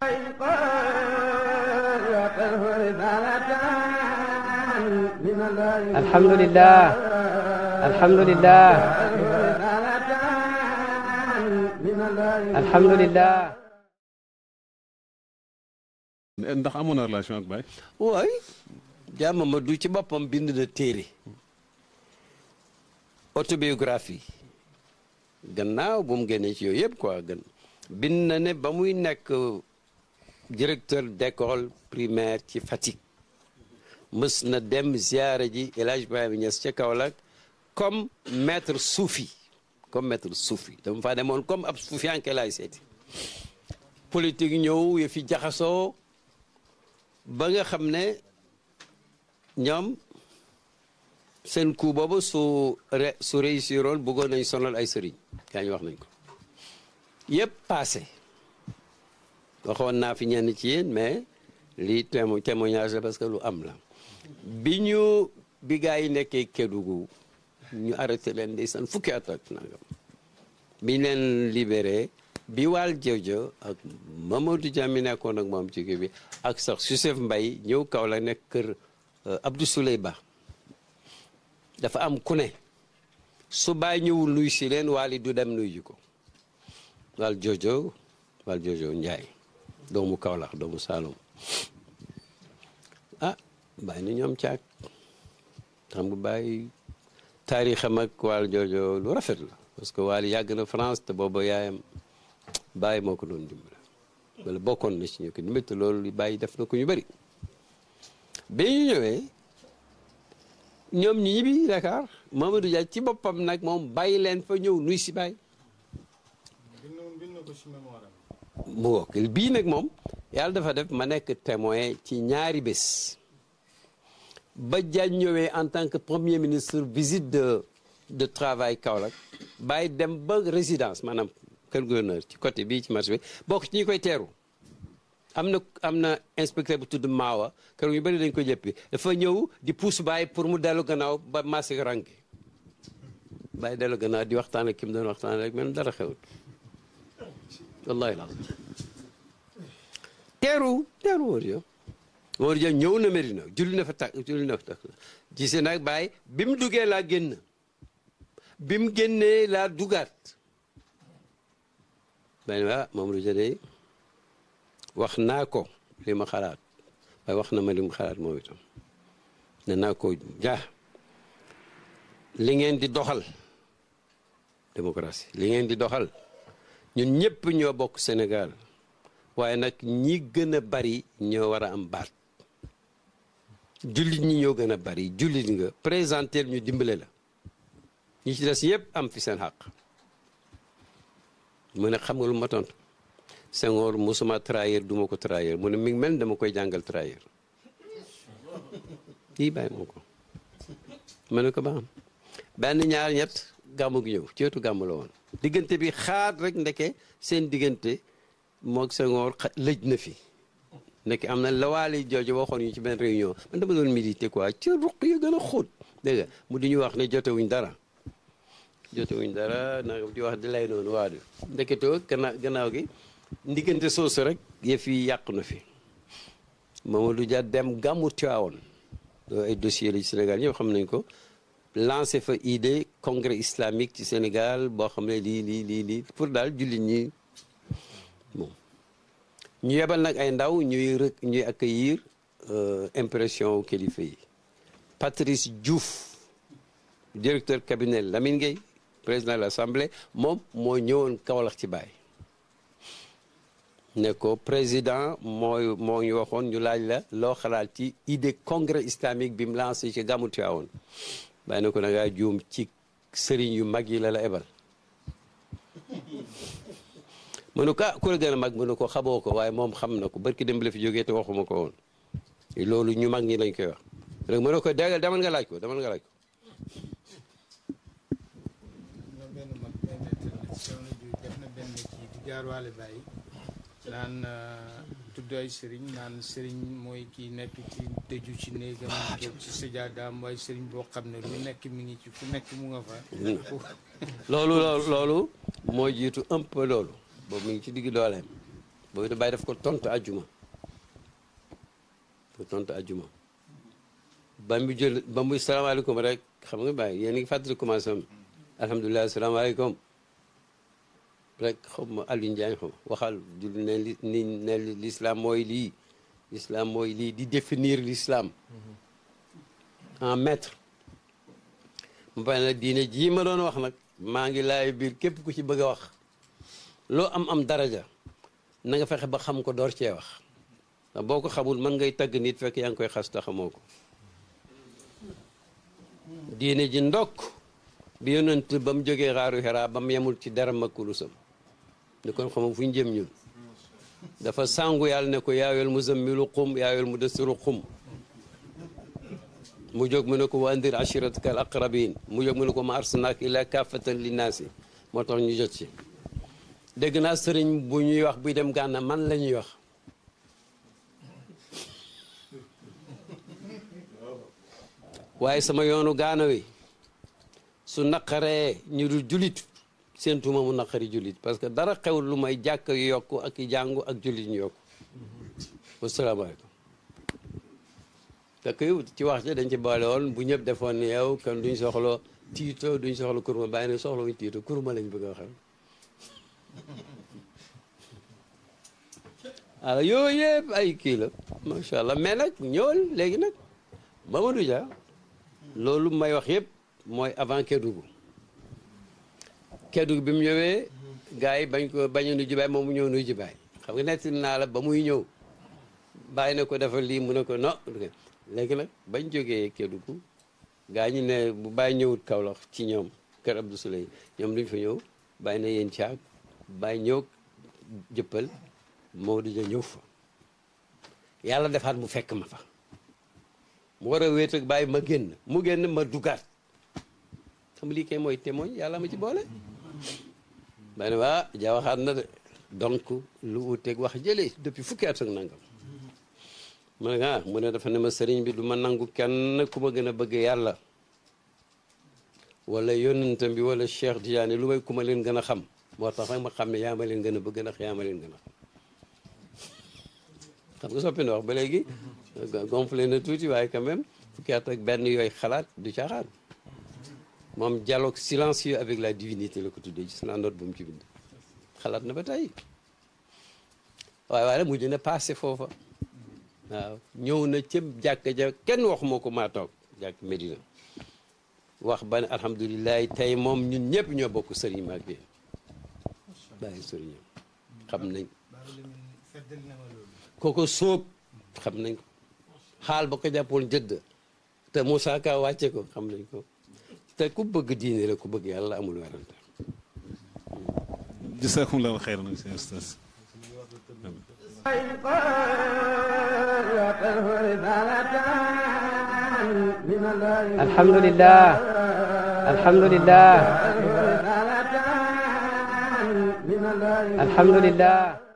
alhamdulilah alhamdulilah alhamdulilah. ndax waay jàmm ma du ci boppam bind na téere autobiographie gannaaw bu mu ci yooyu yëpp quoi gën bind na ne ba muy nekk. directeur d'école primaire ci Fatick mës na dem ziyaara ji El Hadj bi Niass ca Kaolack comme maître suufi comme maître soufi dama faa demoon comme ab soufiyanke laay seeti politique ñëw ya fi jaxasoo ba nga xam ne ñoom seen coup boobu su su réussiroon bëggoon nañ sonal ay sëriñ gaa ñu wax nañ ko yëpp passé waxoon naa fi ñenn ci yéen mais lii témoignage la parce que lu am la bi ñu bi yi nekkee Kédougou ñu arrêté leen ndeysaan fukki at ak nangam biñ leen libéré bi waal jëwjëw ak Mamadou Dia mi nekkoon ak moom ci kii bi ak sax Youssef mbay ñëw kaw la nekk kër euh, Abdou Souley Ba dafa am ku ne su bàyyi ñëwul nuyu si leen waali du dem nuyu ji ko waal joojo waal joojo Njaay doomu kawlax doomu Saloum ah bàyyi ni ñoom caag xam nga bàyyi taarixam ak waal joojo lu rafet la parce que waal yàgg na France te booba yaayam bàyyi moo ko doon dimbale wala bokkoon na ci ñu ko dimbale te loolu bàyyi def na ko ñu bari bi ñu ñëwee ñoom ñu ñibbi Dakar Mamadou Dia ci boppam nag moom bàyyi leen fa ñëw nuy si bàyyi bind mu bii nag moom yàlla dafa def ma nekk témoin ci ñaari bés ba Diagne ñëwee en tant que premier ministre visite de de travail Kaolack bàyyi dem ba résidence maanaam kër gouverneur ci côté bii ci marché bi bokk ci ñi koy teeru am na am na inspecteur bu tudd Maawa kër yu bëri dañ ko jëppi dafa ñëw di puus Baye pour mu dellu gannaaw ba marché rangi Baye dellu gannaaw di waxtaan ak ki mu doon waxtaan rek même dara xewut wallahi lazim teeru teeru Mor Dia Mor Dia ñëw na Medina julli na fa tak julli na fa bi mu duggee laa génn bi mu génnee laa dugaat Baye ne ah Mamadou Dia de wax naa ko li ma xalaat waaye wax na ma li mu xalaat moom itam ne naa ko ja li ngeen di doxal démocratie li ngeen di doxal ñun ñëpp ñoo bokk Sénégal waaye nag ñi gën a bari ñoo war a am baat jullit ñi ñoo gën a bari jullit nga présentel ñu dimbale la ñu ci des yëpp am fi seen xàq mu ne xam nga lu ma tontu Senghor musuma trahir duma ko trahir mu ne mi ngi mel dama koy jàngal trahir kii bàyyi moo ko ma ne ko ba am benn ñaar ñett gàmmu gi ñëw ceetu gàmmu la woon diggante bi xaat rek ndeke seen diggante mook moog Senghor lëj na fi ndeke am na lawaale jooju waxoon ñu ci benn réunion man dama doon milité quoi ci ruq yu gën a xoot mu di ñu wax ne jotewuñ dara jotewuñ dara na di wax di lay noonu gannaaw gi ndiggante soosu rek yëf yi yàq na fi Mamadou Dia dem gàmmu Tiwaawoon ay dossier la ci Sénégal ñëpp xam nañ ko lancé fa idée congrès islamique ci Sénégal boo xam ne lii lii lii lii pour daal jullit ñi bon ñu yebal nag ay ndaw ñuy rek ñuy accueillir euh, impression kilifa yi Patrice juuf directeur cabinet Lamine Gueye président de l'Assemblée moom moo ñëwoon Kaolack ci baay ne ko président mooy moo ñu waxoon ñu laaj la loo xalaat ci idée congrès islamique bi mu lancé ci gàmmu Tiwaawoon bàyyi na ko da ngaa juum ci sëriñ yu mag yi la la ebal mu ko ah ku la gën mag mu ne ko xamoo ko waaye moom xam na ko barki dem la fi jógee te waxuma ko woon loolu ñu mag ñi lañ koy wax rek mu ne ko dégal demal nga laaj ko demal nga laaj ko tudd ay sëriñ naan sëriñ mooy kii nekk ci tëju ci néegam jóg ci sajaadaam waaye sëriñ boo xam ne lu nekk mi ngi ci fu nekk mu nga fa loolu loolu moo jiitu un loolu boobu mi ngi ci digg dooleem boobu itam bàyyi daf ko tont ajjuma ko ba mu jël ba muy salaamaaleykum rek xam nga bàyyi yéen a ngi fàttali commencé am alhamdulilah salaamaaleykum rek xaw ma Alioune Ndiaye xaw waxal du ne li ne l'islam mooy lii l'islam mooy lii di définir l'islam en maître mu bàyyi nag diine jii ma doon wax nag maa ngi laay biir képp ku ci bëgg a wax loo am am daraja na fexe ba xam ko door cee wax boo ko xamul mën ngay tagg nit fekk yaa ngi koy xas taxamoo ko diine ji ndokk bi yonent ba mu jógee xaaru xeraa ba mu yemul ci dara ma kulusam ni kon xam fu ñu jëm ñun dafa sàngu yàlla ne ko yaayol mu zammilu xum yaayol mu dasiru xum mu jóg mu ne ko wa andir ashiratika al aqrabin mu jóg mu ne ko ma arsalnaaka illa kaafatan linnaasi moo tax ñu jot ci dégg naa sëriñ bu ñuy wax buy dem gànna man la ñuy wax waaye sama yoonu gaana wi su naqaree ñu dul julit seentuma mu naqari jullit parce que dara xewul lu may jàkk yokku ak i jàngu ak jullit ñu yokku wasalaamaaleykum fekk yow ci wax ja dañ ci boole woon bu ñëpp defoon ni yow kan duñ soxla tiito duñ soxla kurma bàyyi ne soxla wuñ tiito kurma lañ bëgg a waxal alors ah, yooyu yëpp ay kii la macha allah mais nag ñëwal léegi nag ba Mamadou Dia loolu may wax yëpp mooy avant Kédougou Kédougou bi mu ñëwee gars yi bañ ko bañ a nuyu jibaay moom mu ñëw nuyu jibaay xam nga nett naa la ba muy ñëw bàyyi na ko defal lii mu ne ko non léegi nag bañ jógee Kédougou gars ñi ne bu bàyyi ñëwut Kaolack ci ñoom kër du Souley ñoom duñ fa ñëw bàyyi na yéen caag bàyyi ñëw jëppal Maodo ja ñëw fa yàlla defaat mu fekk ma fa mu war a wéet ak ma génn mu génn ma dugaat xam lii kay mooy témoin yàlla ma ci boole ma ne waa ja waxaat na de donc lu wuteeg wax jëlee depuis fukki at ak nangam ma ne ah mu ne dafa ne ma sëriñ bi du ma nangu kenn ku ma gën a bëgg yàlla wala yonentam bi wala Cheikh Tidiane lu may ku leen gën a xam moo tax rek ma xam ne yaa ma leen gën a bëgg ndax yaa ma a xam xam nga soppi na wax ba léegi gonflé na tuuti waaye quand même fukki at ak benn yooyu xalaat du caaxaan moom dialogue silencieux avec la divinité la ko tuddee gis naa note bu mu ci bind xalaat na ba tey waaye waaye nag mujj na passé foofa waaw ñëw na ca jàkka ja kenn waxuma ko maatoog toog jàkk Medina wax ba ne alhamdulilah tey moom ñun ñëpp ñoo bokk sëriñ ma ak yéen sëriñam xam nañ koko sóob xam nañ ko xaal ba ko jàppoon jëdd te Moussa Ka wàcce ko xam nañ ko te ku bëgg diine la ku bëgg yàlla amul werante jasakumullahu xeyran nag seen ustaas alhamdulillah alhamdulillah alhamdulillah